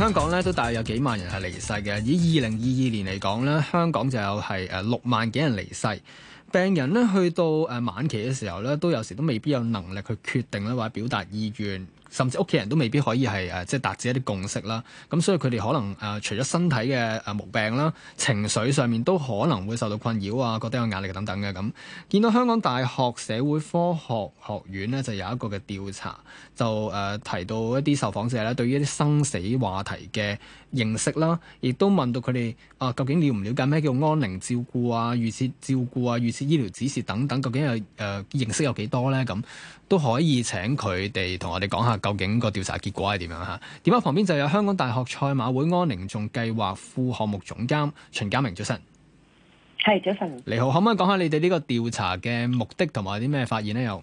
香港咧都大約有幾萬人係離世嘅。以二零二二年嚟講咧，香港就有係誒六萬幾人離世。病人咧去到誒晚期嘅時候咧，都有時都未必有能力去決定咧或者表達意願。甚至屋企人都未必可以係誒、啊、即係達至一啲共識啦。咁、啊、所以佢哋可能誒、啊、除咗身體嘅誒毛病啦，情緒上面都可能會受到困擾啊，覺得有壓力等等嘅咁、啊。見到香港大學社會科學學院咧，就有一個嘅調查，就誒、啊、提到一啲受訪者咧，對於一啲生死話題嘅認識啦，亦、啊、都問到佢哋啊，究竟了唔了解咩叫安寧照顧啊、預設照顧啊、預設醫療指示等等，究竟係誒、啊、認識有幾多咧？咁、啊、都可以請佢哋同我哋講下。究竟個調查結果係點樣嚇？點解？旁邊就有香港大學賽馬會安寧頌計劃副項目總監秦嘉明，早晨。係，早晨。你好，可唔可以講下你哋呢個調查嘅目的同埋啲咩發現呢？又？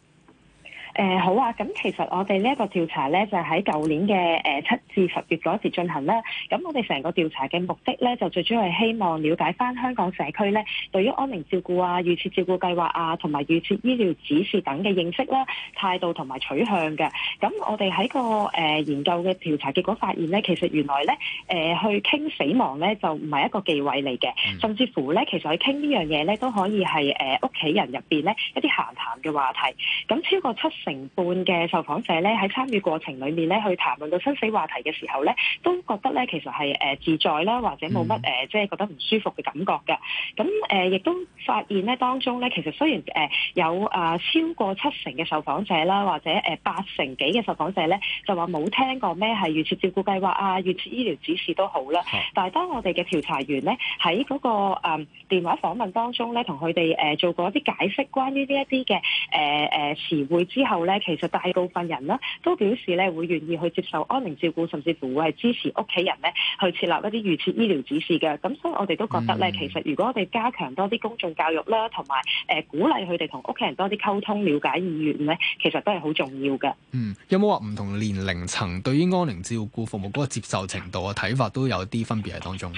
誒、呃、好啊！咁其實我哋呢一個調查咧，就喺、是、舊年嘅誒、呃、七至十月嗰時進行啦。咁、嗯、我哋成個調查嘅目的咧，就最主要係希望了解翻香港社區咧，對於安寧照顧啊、預設照顧計劃啊，同埋預設醫療指示等嘅認識啦、態度同埋取向嘅。咁、嗯、我哋喺個誒、呃、研究嘅調查結果發現咧，其實原來咧誒、呃、去傾死亡咧，就唔係一個忌諱嚟嘅，甚至乎咧，其實去傾呢樣嘢咧，都可以係誒屋企人入邊咧一啲閒談嘅話題。咁、嗯、超過七成半嘅受訪者咧喺參與過程裏面咧，去談論到生死話題嘅時候咧，都覺得咧其實係誒自在啦，或者冇乜誒，即係覺得唔舒服嘅感覺嘅。咁誒亦都發現咧，當中咧其實雖然誒有啊超過七成嘅受訪者啦，或者誒八成幾嘅受訪者咧，就話冇聽過咩係預設照顧計劃啊、預設醫療指示都好啦。但係當我哋嘅調查員咧喺嗰個誒電話訪問當中咧，同佢哋誒做過一啲解釋關於呢一啲嘅誒誒詞彙之後咧，其實大部分人啦，都表示咧會願意去接受安寧照顧，甚至乎會係支持屋企人咧去設立一啲預設醫療指示嘅。咁所以我哋都覺得咧，嗯、其實如果我哋加強多啲公眾教育啦，同埋誒鼓勵佢哋同屋企人多啲溝通、了解意願咧，其實都係好重要嘅。嗯，有冇話唔同年齡層對於安寧照顧服務嗰個接受程度嘅睇法都有啲分別喺當中？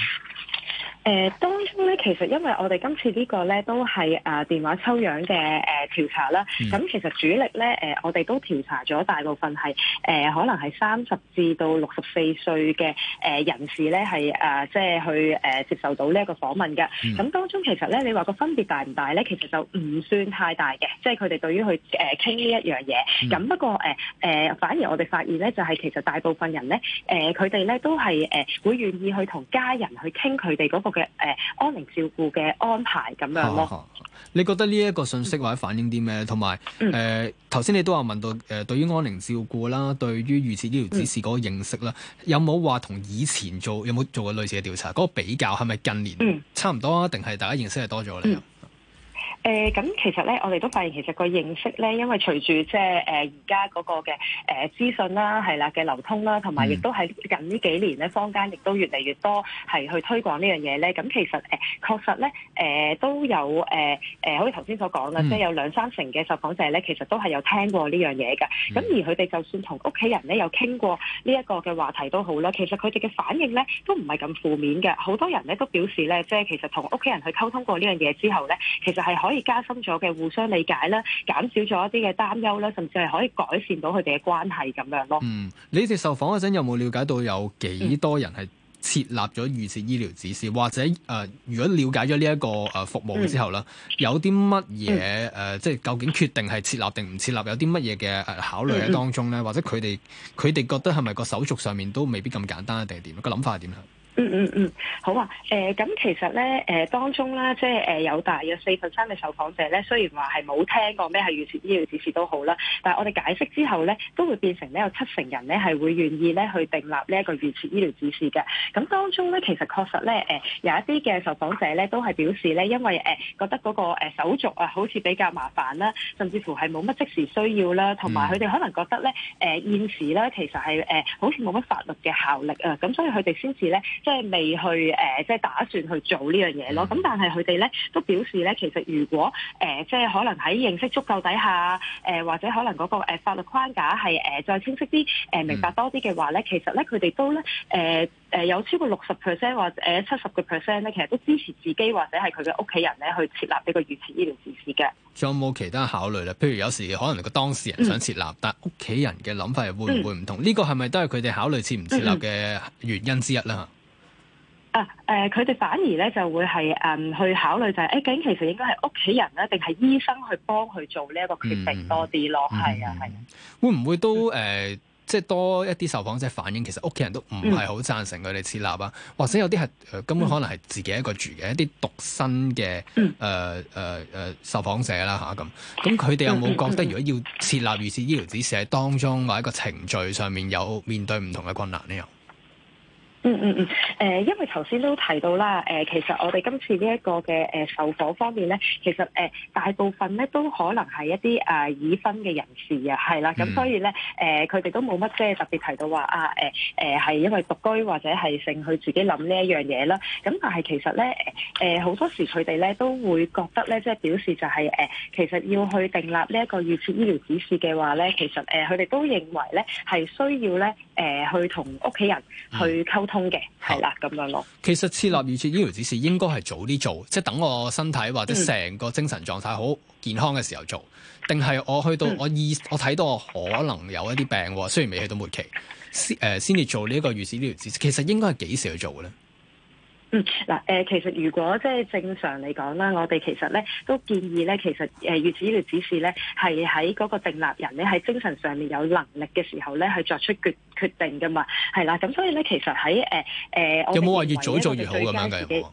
誒當中咧，其實因為我哋今次呢個呢個咧都係誒、啊、電話抽樣嘅誒、啊、調查啦。咁、嗯、其實主力咧誒、啊，我哋都調查咗大部分係誒、啊，可能係三十至到六十四歲嘅誒人士咧，係誒即係去誒、啊、接受到呢一個訪問嘅。咁、嗯、當中其實咧，你話個分別大唔大咧？其實就唔算太大嘅，即係佢哋對於去誒傾呢一樣嘢。咁、嗯、不過誒誒、啊，反而我哋發現咧，就係、係、其實大部分人咧誒，佢哋咧都係誒會願意去同家人去傾佢哋嗰個。嘅安寧照顧嘅安排咁樣咯，你覺得呢一個信息或者反映啲咩？同埋誒頭先你都有問到誒、呃，對於安寧照顧啦，對於預設醫療指示嗰個認識啦，嗯、有冇話同以前做有冇做過類似嘅調查？嗰、那個比較係咪近年、嗯、差唔多，定係大家認識係多咗咧？嗯誒咁、呃、其實咧，我哋都發現其實個認識咧，因為隨住即係誒而家嗰個嘅誒、呃、資訊啦，係啦嘅流通啦，同埋亦都喺近呢幾年咧，坊間亦都越嚟越多係去推廣呢樣嘢咧。咁其實誒、呃、確實咧，誒、呃、都有誒誒，好似頭先所講嘅，即係有兩三成嘅受訪者咧，其實都係有聽過呢樣嘢嘅。咁、嗯、而佢哋就算同屋企人咧有傾過呢一個嘅話題都好啦，其實佢哋嘅反應咧都唔係咁負面嘅。好多人咧都表示咧，即係其實同屋企人去溝通過呢樣嘢之後咧，其實係可。可以加深咗嘅互相理解啦，減少咗一啲嘅擔憂啦，甚至係可以改善到佢哋嘅關係咁樣咯。嗯，你哋受訪嗰陣有冇了解到有幾多人係設立咗預設醫療指示，嗯、或者誒、呃、如果了解咗呢一個誒服務之後啦，嗯、有啲乜嘢誒即係究竟決定係設立定唔設立，有啲乜嘢嘅誒考慮喺當中咧？嗯嗯或者佢哋佢哋覺得係咪個手續上面都未必咁簡單啊？定係點？個諗法係點咧？嗯嗯嗯，好啊。誒、呃、咁其實咧，誒當中咧，即係誒有大約四分三嘅受訪者咧，雖然話係冇聽過咩係預設醫療指示都好啦，但係我哋解釋之後咧，都會變成呢有七成人咧係會願意咧去訂立呢一個預設醫療指示嘅。咁、啊、當中咧，其實確實咧，誒、呃、有一啲嘅受訪者咧都係表示咧，因為誒、呃、覺得嗰、那個、呃、手續啊，好似比較麻煩啦，甚至乎係冇乜即時需要啦，同埋佢哋可能覺得咧，誒現時咧其實係誒、呃、好似冇乜法律嘅效力啊，咁、呃呃、所以佢哋先至咧。呢即係未去誒、呃，即係打算去做呢樣嘢咯。咁但係佢哋咧都表示咧，其實如果誒、呃、即係可能喺認識足夠底下誒、呃，或者可能嗰、嗰個、呃、法律框架係誒、呃、再清晰啲誒、呃，明白多啲嘅話咧，其實咧佢哋都咧誒誒有超過六十 percent 或者七十個 percent 咧，其實都支持自己或者係佢嘅屋企人咧去設立呢個預設醫療指示嘅。仲有冇其他考慮咧？譬如有時可能個當事人想設立，嗯、但屋企人嘅諗法又會唔會唔同？呢個係咪都係佢哋考慮設唔設立嘅原因之一啦？嗯嗯嗯誒，佢哋、呃、反而咧就會係誒、嗯、去考慮就係、是，誒、欸，究竟其實應該係屋企人咧，定係醫生去幫佢做呢一個決定多啲咯？係啊、嗯，係、嗯嗯嗯。會唔會都誒、呃，即係多一啲受訪者反映，其實屋企人都唔係好讚成佢哋設立啊，嗯、或者有啲係誒根本可能係自己一個住嘅一啲獨身嘅誒誒誒，受訪者啦吓咁。咁佢哋有冇覺得如果要設立預設醫療指示，喺當中或者個程序上面有面對唔同嘅困難呢？樣？嗯嗯 嗯，誒、嗯嗯，因為頭先都提到啦，誒，其實我哋今次呢一個嘅誒受訪方面咧，其實誒大部分咧都可能係一啲誒已婚嘅人士啊，係啦，咁所以咧誒佢哋都冇乜即係特別提到話啊誒誒係因為獨居或者係剩佢自己諗呢一樣嘢啦，咁但係其實咧誒誒好多時佢哋咧都會覺得咧即係表示就係、是、誒其實要去訂立呢一個預設醫療指示嘅話咧，其實誒佢哋都認為咧係需要咧誒去同屋企人去溝通嘅，係啦咁樣咯。其實設立預設醫療指示應該係早啲做，即係等我身體或者成個精神狀態好、嗯、健康嘅時候做，定係我去到、嗯、我意我睇到我可能有一啲病，雖然未去到末期，先誒、呃、先至做呢、這、一個預設醫療指示。其實應該係幾時去做咧？嗯，嗱，誒其實如果即係正常嚟講啦，我哋其實咧都建議咧，其實誒月子醫療指示咧係喺嗰個定立人咧喺精神上面有能力嘅時候咧去作出決決定噶嘛，係啦，咁所以咧其實喺誒誒，呃、有冇話越早做越好咁樣嘅？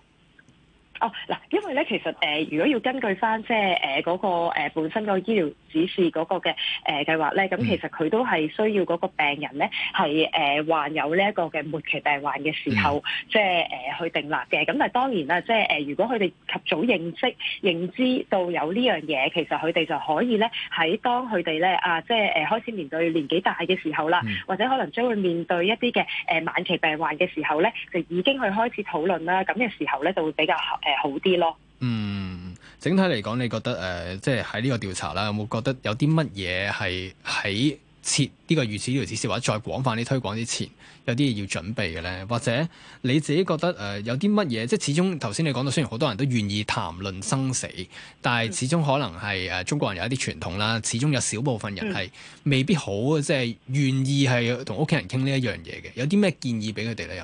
哦，嗱，因為咧，其實誒、呃，如果要根據翻即係誒嗰個誒本身個醫療指示嗰個嘅誒計劃咧，咁、呃呃、其實佢都係需要嗰個病人咧係誒患有呢一個嘅末期病患嘅時候，即係誒去定立嘅。咁但係當然啦，即係誒如果佢哋及早認識、認知到有呢樣嘢，其實佢哋就可以咧喺當佢哋咧啊，即係誒開始面對年紀大嘅時候啦，呃、或者可能將會面對一啲嘅誒晚期病患嘅時候咧，就已經去開始討論啦。咁嘅時候咧就會比較誒好啲咯。嗯，整體嚟講，你覺得誒、呃，即係喺呢個調查啦，有冇覺得有啲乜嘢係喺設呢個預設呢條指示，或者再廣泛啲推廣之前，有啲嘢要準備嘅呢？或者你自己覺得誒、呃，有啲乜嘢？即係始終頭先你講到，雖然好多人都願意談論生死，嗯、但係始終可能係誒、呃、中國人有一啲傳統啦，始終有少部分人係未必好、嗯、即係願意係同屋企人傾呢一樣嘢嘅。有啲咩建議俾佢哋咧？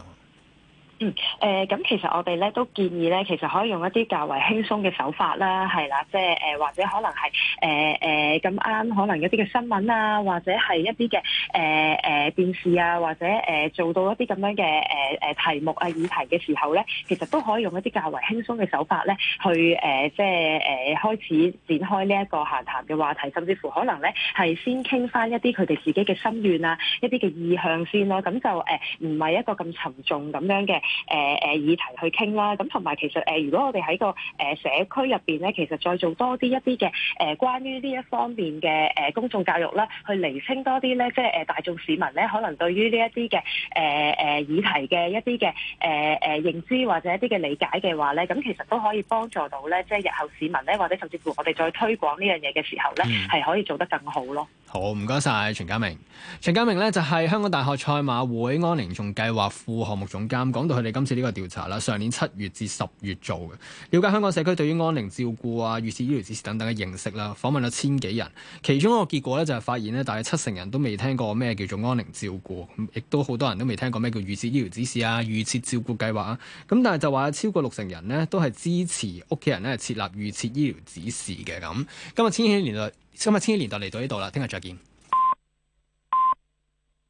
嗯，誒、呃、咁其實我哋咧都建議咧，其實可以用一啲較為輕鬆嘅手法啦，係啦，即係誒、呃、或者可能係誒誒咁啱，可能一啲嘅新聞啊，或者係一啲嘅誒誒電視啊，或者誒、呃、做到一啲咁樣嘅誒誒題目啊、議題嘅時候咧，其實都可以用一啲較為輕鬆嘅手法咧，去誒、呃、即係誒、呃、開始展開呢一個閒談嘅話題，甚至乎可能咧係先傾返一啲佢哋自己嘅心願啊，一啲嘅意向先咯，咁就誒唔係一個咁沉重咁樣嘅。誒誒、呃、議題去傾啦，咁同埋其實誒、呃，如果我哋喺個誒、呃、社區入邊咧，其實再做多啲一啲嘅誒，關於呢一方面嘅誒、呃、公眾教育啦，去釐清多啲咧，即係誒大眾市民咧，可能對於呢一啲嘅誒誒議題嘅一啲嘅誒誒認知或者一啲嘅理解嘅話咧，咁其實都可以幫助到咧，即係日後市民咧，或者甚至乎我哋再推廣呢樣嘢嘅時候咧，係、嗯、可以做得更好咯。好，唔該晒，秦嘉明。秦嘉明咧就係、是、香港大學賽馬會安寧頌計劃副項目總監，講到佢哋今次呢個調查啦，上年七月至十月做嘅，了解香港社區對於安寧照顧啊、預設醫療指示等等嘅認識啦，訪問咗千幾人，其中一個結果咧就係、是、發現呢，大約七成人都未聽過咩叫做安寧照顧，亦都好多人都未聽過咩叫預設醫療指示啊、預設照顧計劃啊，咁但係就話超過六成人呢都係支持屋企人咧設立預設醫療指示嘅咁。今日千禧年代。今日千禧年代就嚟到呢度啦，聽日再見。